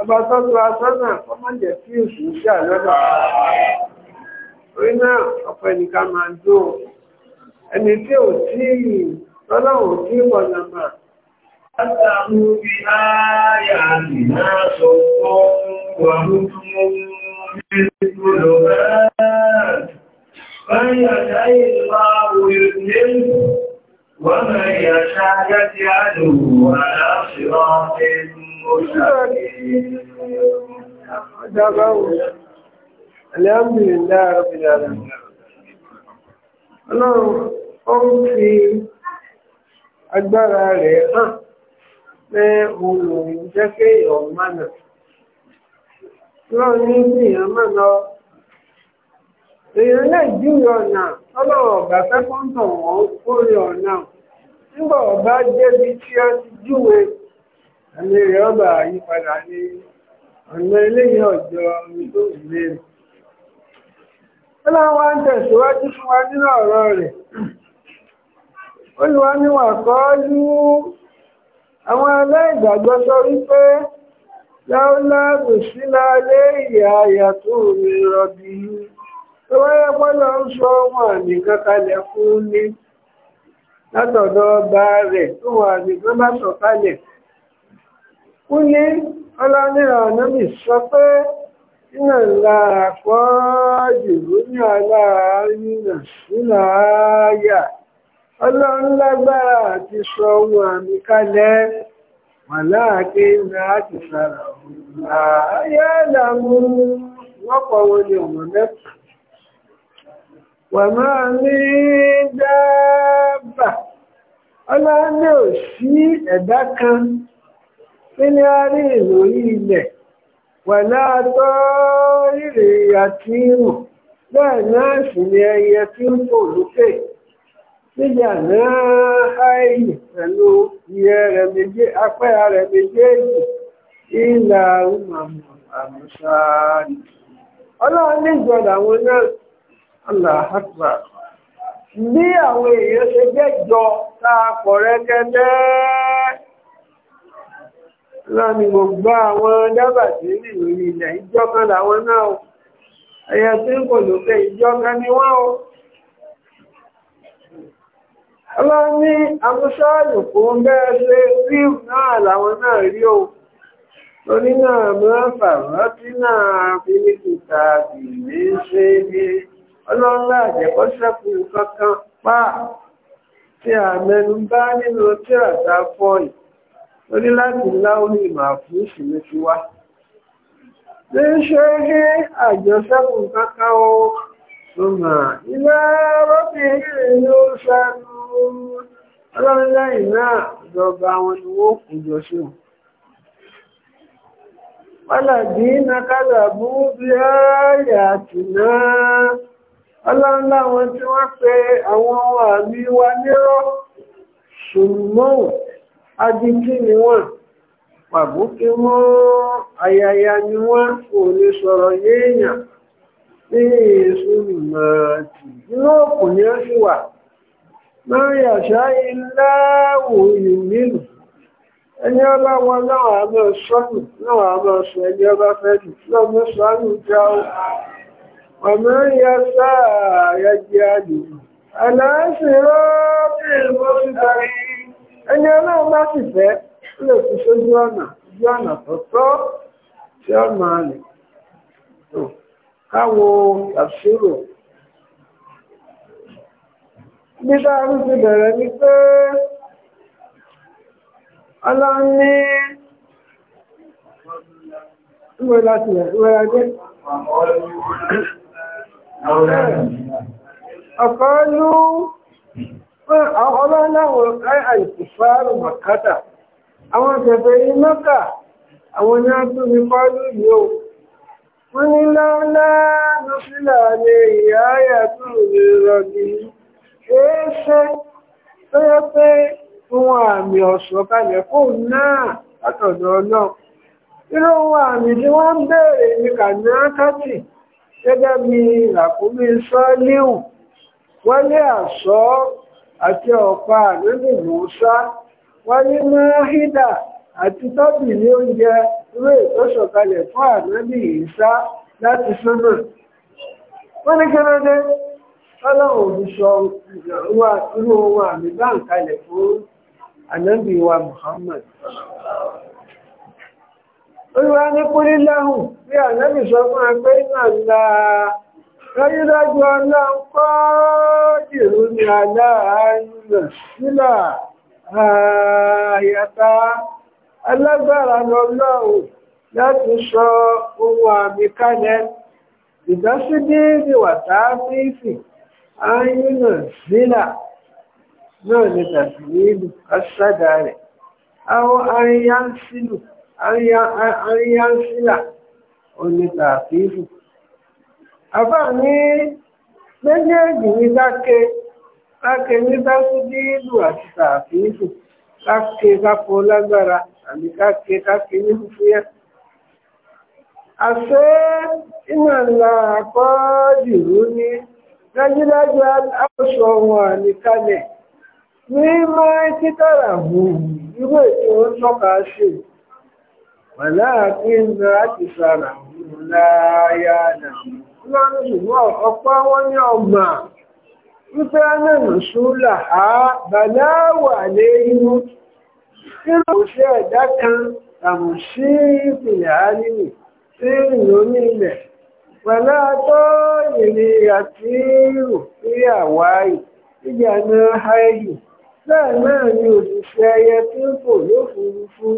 ọba tọ́jú asọ́nà kọ́mọ̀jẹ̀ kí èsù ń jà lọ́dọ̀ orí náà ọ̀pọ̀ ẹnìkan máa ń dó ẹni tí ò tí ì lọ́lọ́wọ́ tí ì wọ̀nà mà. látàmú bí láyà sí Ọlọ́run ó ń fi agbára rẹ̀ hàn pé òun òun jẹ́ pé ìyàn mánà. Lọ́run ní bí ìyàn mánà èèyàn lè júwe ọ̀nà ọlọ́run ọ̀gá fẹ́ kọ́ńtọ̀ wọ́n ó rí ọ̀nà. Nígbà ọ̀bá débi tí a ti júwe àmì rẹ̀ ọba àyípadà ní ọ̀nà eléyìí ọjọ́ omi tó wù léèrè. ó láwọn ń tẹ̀síwájú fún wa nínú ọ̀rọ̀ rẹ̀ olùwà ni wà kọ́ lú àwọn aláìgbàgbọ́ sọ wípé láúláàbù sílá lé ìyá àyàtò mi tó wáyé ń sọ wọn àmì fún ní ọba rẹ̀ tó wọn àmì ó ní ọlọ́nira ànábì sọ pé iná ńlá àpọ̀ jùlọ ní aláàárínà sínú ààyà ọlọ́run lágbára àti sọ ohun àmì kalẹ̀ wala iná àti sára ààyà làmú wọ́pọ̀ wọn ni ọ̀nà mẹ́ta wà máa ní dáàbà ọlọ́run ní ò sí ẹ̀dá kan sílẹ̀rì ìròyìn ilẹ̀ pẹ̀lú àtọ́ ìrìn àti ìrùn bẹ́ẹ̀ náà sì ni ẹyẹ tí ń fò lókè nígbà náà áìlì pẹ̀lú iye apẹ́ rẹ̀ méjèèjì ìlà àrùmàmù àmúṣáàlì ọlọ́run ní àwọn náà bí àwọn èèyàn ṣe jẹ́jọ a pọ̀ lọ́ni gbogbo àwọn dábà tí ó rìn lórí ilẹ̀ ìjọ kan làwọn náà o ẹ̀yà tí kò lókè ìjọ kan ni wọ́n o ọlọ́ni amúṣáàlù fún bẹ́ẹ̀ ṣe rí náà làwọn náà rí o torí náà mọ́fà rántí náà fílíkìtà bìlì ṣe bí ọlọ́lá àjẹkọ́sẹ́kù kankan pa tí a mẹ́nu bà nínú tíra tá fọ́ ó ní láti láwọn ìmọ̀ àfúrúsì ló ti wá ní ṣe ní àjọṣẹ́kù kankan o ṣùgbọ́n ilé rọ́bìnrin ló ṣẹ́nu ọlọ́run lẹ́yìn náà ìjọba wọn ni wọ́n kù jọ sí o wọ́làdí nàkàdà bú bí ààyè àti náà ọlọ́run adití ni wọ́n pàbókí mọ́ ayaya ni wọ́n kò lè sọ̀rọ̀ yéèyàn ní èso màtì inú òkùn ni ó sì wà máa yàṣá iláwò ìmìlù ẹni ọba wọn náà a sọ́nù náà a sọ ẹni ọba fẹ́ jù sọ́nù já ó ọmọ yàṣá ayájí àdìmọ̀ aláṣẹ rọ́ọ̀bì mọ́sítàrí ẹni ọlọ́run bá sì fẹ́ lè fi sójú ọ̀nà ojú ọ̀nà tó tọ́ tí ó máa lè tó káwo àṣírò. bí táwọn ti bẹ̀rẹ̀ ni pé ọlọ́run ní ìwé láti ìwé ẹgbẹ́. ọ̀pọ̀ ọlú ọlọ́láwọ̀ àìkùfàárù màkátà àwọn tẹ̀fẹ̀ ní mọ́kà àwọn ní ọdún ní pọ́lú yóò wọ́n ní láńlá lọ́fílà lè ìyáyà tó lè rọ̀bí ẹ̀ẹ́ṣẹ́ tó yẹ pé ohun àmì ọ̀ṣọ́ kalẹ̀ fóun náà látọ̀dọ̀ ọlọ́run irú ohun àmì tí wọ́n ń béèrè ní kànáàkátì gẹ́gẹ́ bí làkúmí sọ́ọ́líhùn wọlé àṣọ́ àti ọ̀pá àlébù mọ́sá wáyé máhídà àti tọ́bì ní oúnjẹ tó ṣọ̀kalẹ̀ fún ànábì ìsá láti sánà wọ́n ní kẹ́lẹ́dẹ́ ọlọ́run fún Dájúdájú ọlá ń pọ́ jìrú ni aláàáyùnà sílà àyàtá alágbára lọ́lọ́run láti sọ ohun àmì kalẹ̀. Ìdásídé ni wàtá fífì àyùnà sílà náà ni tàbí nílùú kásádà rẹ̀. Àwọn àríyánsílà òní tàbí fífì àbá ní méjèèjì ní dáke dáke ní dákúdíìlù àti tààfíìlù káke kápò lágbára àbí káke káke ní fúfúyẹ. àṣé ìmọ̀lá àkọ́jìrú ní dájúdájú àkóso wọn àníkalẹ̀ ní máa títàrà hùwù irú ètò ó ń tọ́ka sí wàláàkí ń lọ láti sára hùwù láyà nàìjíríà lọ́rùn ṣùgbọ́n ọ̀pá wọn ní ọgbà wípé ánàmù ṣúlà á bàláwà lé inú nínú òṣè ẹ̀dá kan àmùsí ìpìlẹ̀ àárín sí ìlú nílẹ̀ pẹ̀lú atọ́ ìrìn àti ìrù sí àwárí ìjànà haihù bẹ́ẹ̀ ni òṣìṣẹ́ ẹyẹ tí ń fò lófurufú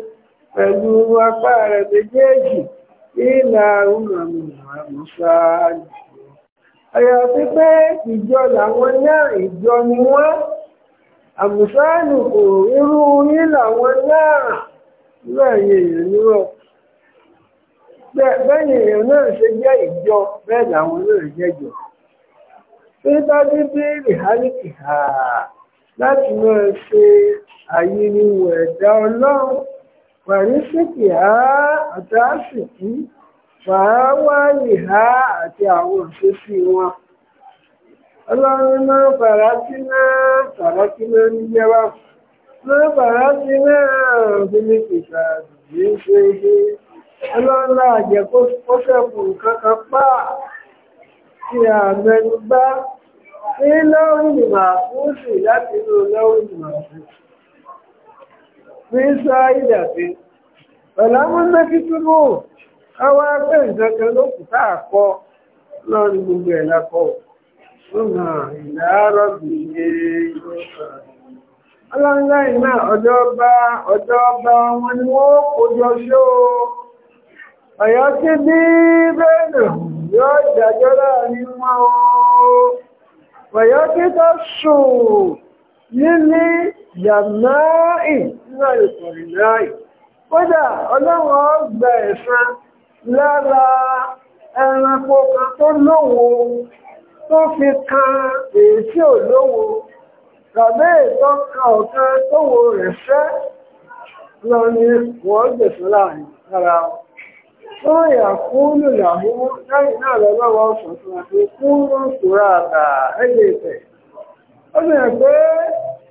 pẹ̀lú apá rẹ̀ méjèèjì ìlà ọmọọmọ àmọ́sá àyàfi pé ìjọ làwọn náà ìjọ ni wọ́n àmùsáàlù kò irú yín làwọn náà lẹ́yìn èèyàn nírọ̀ bẹ́yìn èèyàn náà ṣe jẹ́ ìjọ bẹ́ẹ̀ làwọn náà jẹ́jọ pípa bíbí rìhálìkì hà láti máa ṣe àyíniwò ẹ̀dá ọlọ́run pàrísìkìá àti àsìkí fàáwáyìhá àti àwọn òṣèṣì wọn ọlọ́run náà fàràkínà fàràkínà ní jẹ́wà náà ṣe ṣe ọlọ́run náà jẹ́ kó ṣẹ̀kù kankan pa kí a mẹ́nu bá ní lọ́rùn ìmọ̀ láti inú lọ́rùn ìmọ̀ fi ń sọ ìdà sí ọ̀làmú ná kí túbọ̀ káwá pé nǹkan kan ló kù tá a kọ lọ́rùn gbogbo ẹ̀ lákọ̀ ọ̀nà ìlàárọ̀ bìí ọlọ́nlá iná ọjọ́ bá ọ̀yọ́ tí bí bẹ́ẹ̀nà yóò dájọ́ láàrin wọn o ọ̀yọ́ tí tó sùn nílé yàmáì náà ìkọ̀rì láì kódà ọlọ́run ọgbà ẹ̀san lára ẹranko kan tó lówó tó fi kan èyí tí ò lówó tàbí ètò kan lọ ni wọ́n láàrin lára lẹ́yìn náà lọ́wọ́ àti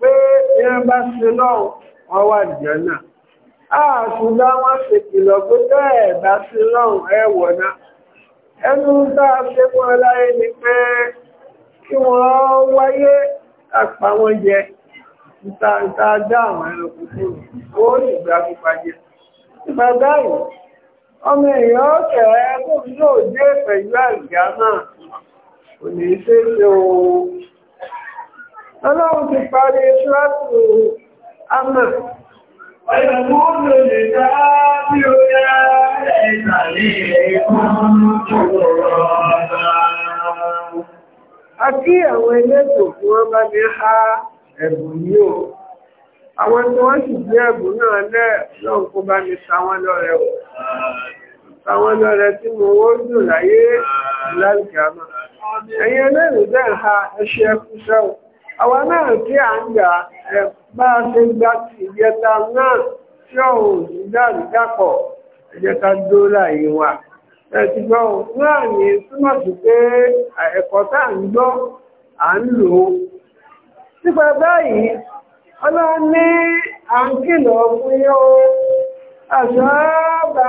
pé ìran bá ṣe lọ́wọ́ wọ́n wà jẹ́nà àṣùgbọ́n wọ́n ṣe kìlọ̀ pé bẹ́ẹ̀ bá ṣe lọ́wọ́ ẹ̀wọ̀ náà ẹnu bá ṣe fún ọláyé ni pé kí wọ́n wáyé àpá wọn jẹ ìta dá àwọn ẹranko fún ó ìgbà pípa jẹ ìgbà báyìí ọmọ èèyàn ọ̀kẹ́ ẹkùn yóò dé pẹ̀lú àìyá náà kò ní í ṣe é ṣe ooo ọlọ́run ti parí ṣúrátù amọ̀ Ẹgbẹ̀mọ́lò lè dá bí ó yá ẹ̀tàlẹ̀ ẹ̀kùn tó rọ̀ ọ̀dá. A kí àwọn ẹlẹ́tò fún wọ́n bá ní ha ẹ̀bùn ní ò. Àwọn tí wọ́n sì jẹ́ ẹ̀bùn náà lẹ́ lọ́n kó bá ní sáwọn lọ́rẹ̀ ò. Sáwọn lọ́rẹ̀ tí mo wó dùn láyé lálùkàmà. Ẹ̀yin ẹlẹ́rìí bẹ́ẹ̀ ha ẹṣẹ́ kú sẹ́wọ̀n. àwa náà tí a ń gbà a ṣe gba ìjẹta náà tí ọ̀hún ìdáàrí dàpọ̀ ìjẹta dóòlà yìí wà ẹ̀tì gbọ́ náà ní sí pé ẹ̀kọ́ tá ń gbọ́ à ń lò ó báyìí ọlọ́run ní à bá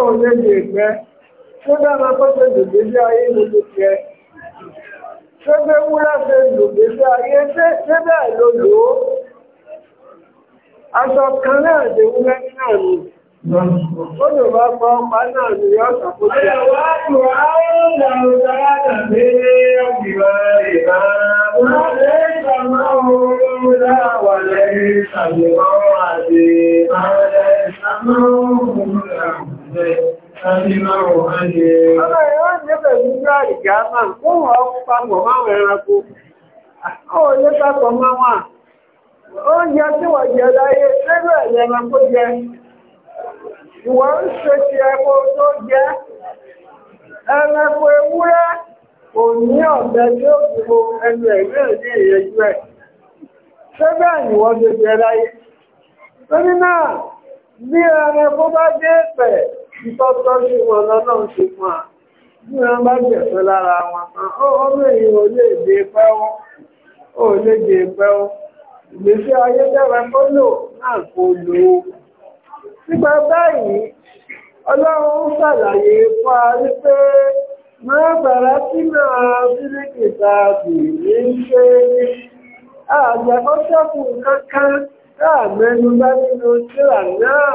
ó lè lè gbẹ́ tó dára tó ṣe lòdì sí ayé lójú tiẹ̀ tó gbé wúrà ṣe lòdì sí ayé ṣé bẹ́ẹ̀ ló lò ó aṣọ kan náà lè wúrẹ́ náà ni olùbá gbọ́ ọpá náà ni yọ́ ṣàkóso ẹ̀wọ́ àtùwà ó lọ sára tàbí ọgbìwà ìbá wọ́n lè ṣàmọ́ oòrùn láwà lẹ́yìn ṣàmìwọ́n àti ààrẹ ṣàmọ́ oòrùn ṣe aníláwọ̀ ayé. Ọlọ́run yóò ní pẹ̀lú ìjọ ìgbà máa ń kó wọ́n papọ̀ máwọn ẹranko. Ó lé papọ̀ máwọn. Oúnjẹ tí wọ́n jẹ láyé lérò ẹ̀yẹ ẹranko jẹ. Ìwọ́n ń ṣe ti ẹranko tó jẹ. Ẹranko ewúrẹ́ kò ní ọ̀bẹ tí ó fi bo ẹnu ẹ̀gbẹ́ òní ìyẹjú ẹ̀. Ṣé bẹ́ẹ̀ ni wọ́n ṣe jẹ láyé? Torí náà, bí ẹranko bá dé pẹ̀, ìtọ́tọ́ sí wọn lọ́lọ́run ṣe fún à bí wọ́n bá jẹ̀fẹ́ lára wọn tán ọmọ èyí ò lè dé pẹ́wọ́ ò lè dé pẹ́wọ́ ìgbésí ayé dára kó lò náà kó lò ó nípa báyìí ọlọ́run ń ṣàlàyé fún a rí pé máa bàrá sí náà sílíkì tààbì ní ṣe ní àjàkọ́ṣẹ́kù kankan káà bá nínú síra náà.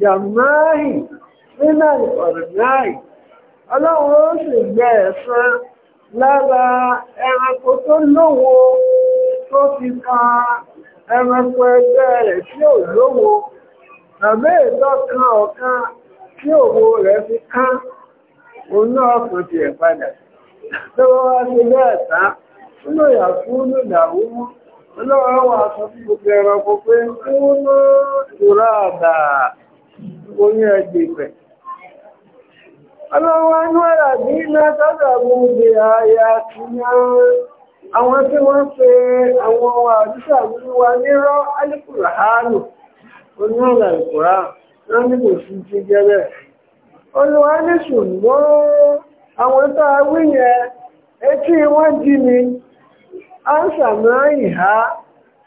jàmáì nínà náà. ọlọ́run ó sì gbẹ ẹ̀sán lára ẹranko tó lówó tó fi ka ẹranko ẹgbẹ́ rẹ̀ tí ò lówó tàbí ìtọ́kan ọ̀kan tí òwò rẹ̀ fi kán òun náà kò onye ẹgbẹ̀ ìpẹ̀. Ọlọ́wọ́ Anúwàrà bí iná sọ́dọ̀ mú bí ààyà ti náà tí wọ́n disa àwọn àdúsà wíwá nírọ́ alìkùrà hánù oníwàlà ìkùrà náà ní kò sí ti jẹ́rẹ̀. Olúwa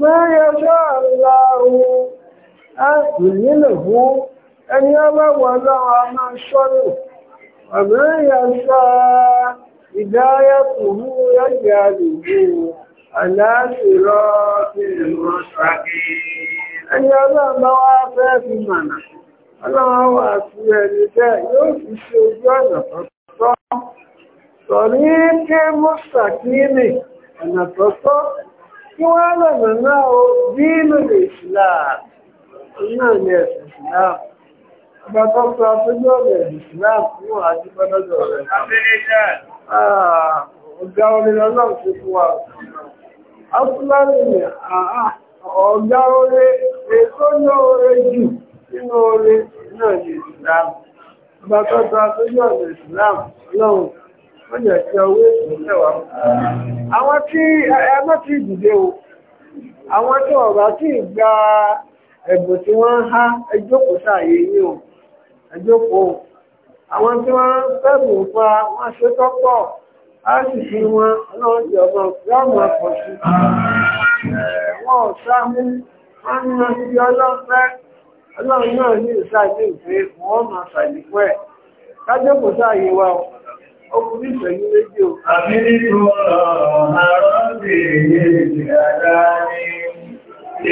Mọ́ yọjọ́ ọ̀la ohun á ya nílò fún ẹni ọba wọ̀ lọ́wọ́ máa ìdáyà kò mú ẹni ọlọ́run bá fẹ́ fi mànà. Ọlọ́run wà sí ẹni bẹ́ẹ̀ yóò fi ṣe ojú ọ̀nà tó ọ̀nà tó tọ́ kí wọ́n lọ̀nà náà o bí lòlè ìsìláàmù náà ní ẹ̀sìn ìsìláàmù ìgbà tó ń sọ afẹ́jọ́ ọ̀rẹ́ ìsìláàmù fún àjíbọ́dọ́dọ̀ rẹ̀ ọ̀gá orin ọlọ́run ti fún wa afúláàlì ni ọ̀gá orin èso ní orin jù nínú orin náà ní ìsìláàmù ìgbà tó ń sọ afẹ́jọ́ ọ̀rẹ́ ah, wọ́n jẹ́ àwọn tí ti o àwọn tí ọ̀rọ̀ tí ìgbà ẹ̀bùn tí wọ́n ń há ẹjókòó sáàyè yín o ẹjókòó àwọn tí wọ́n fẹ́bùn pa wọ́n ṣe sì fi wọn ń wọ́n ọkùnrin ìṣẹ̀yìn méjì o. Àbí nínú ọ̀rọ̀ àrọ́bì èyí àdá ni,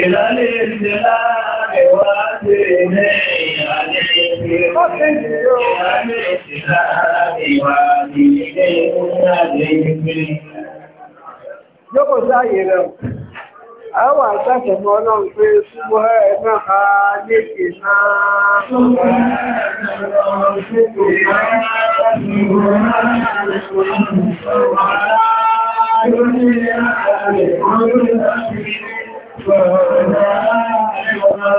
ìlàlẹ̀ ìṣẹ́lá ẹ̀wà ṣe ní ìlàlẹ̀ ìṣẹ́lá ẹ̀wà ìṣẹ́lá ẹ̀wà ìṣẹ́lá a wà sàtẹ̀mọ́ ọlọ́run pé ṣúgbọ́ ẹ̀ náà na léèkè náà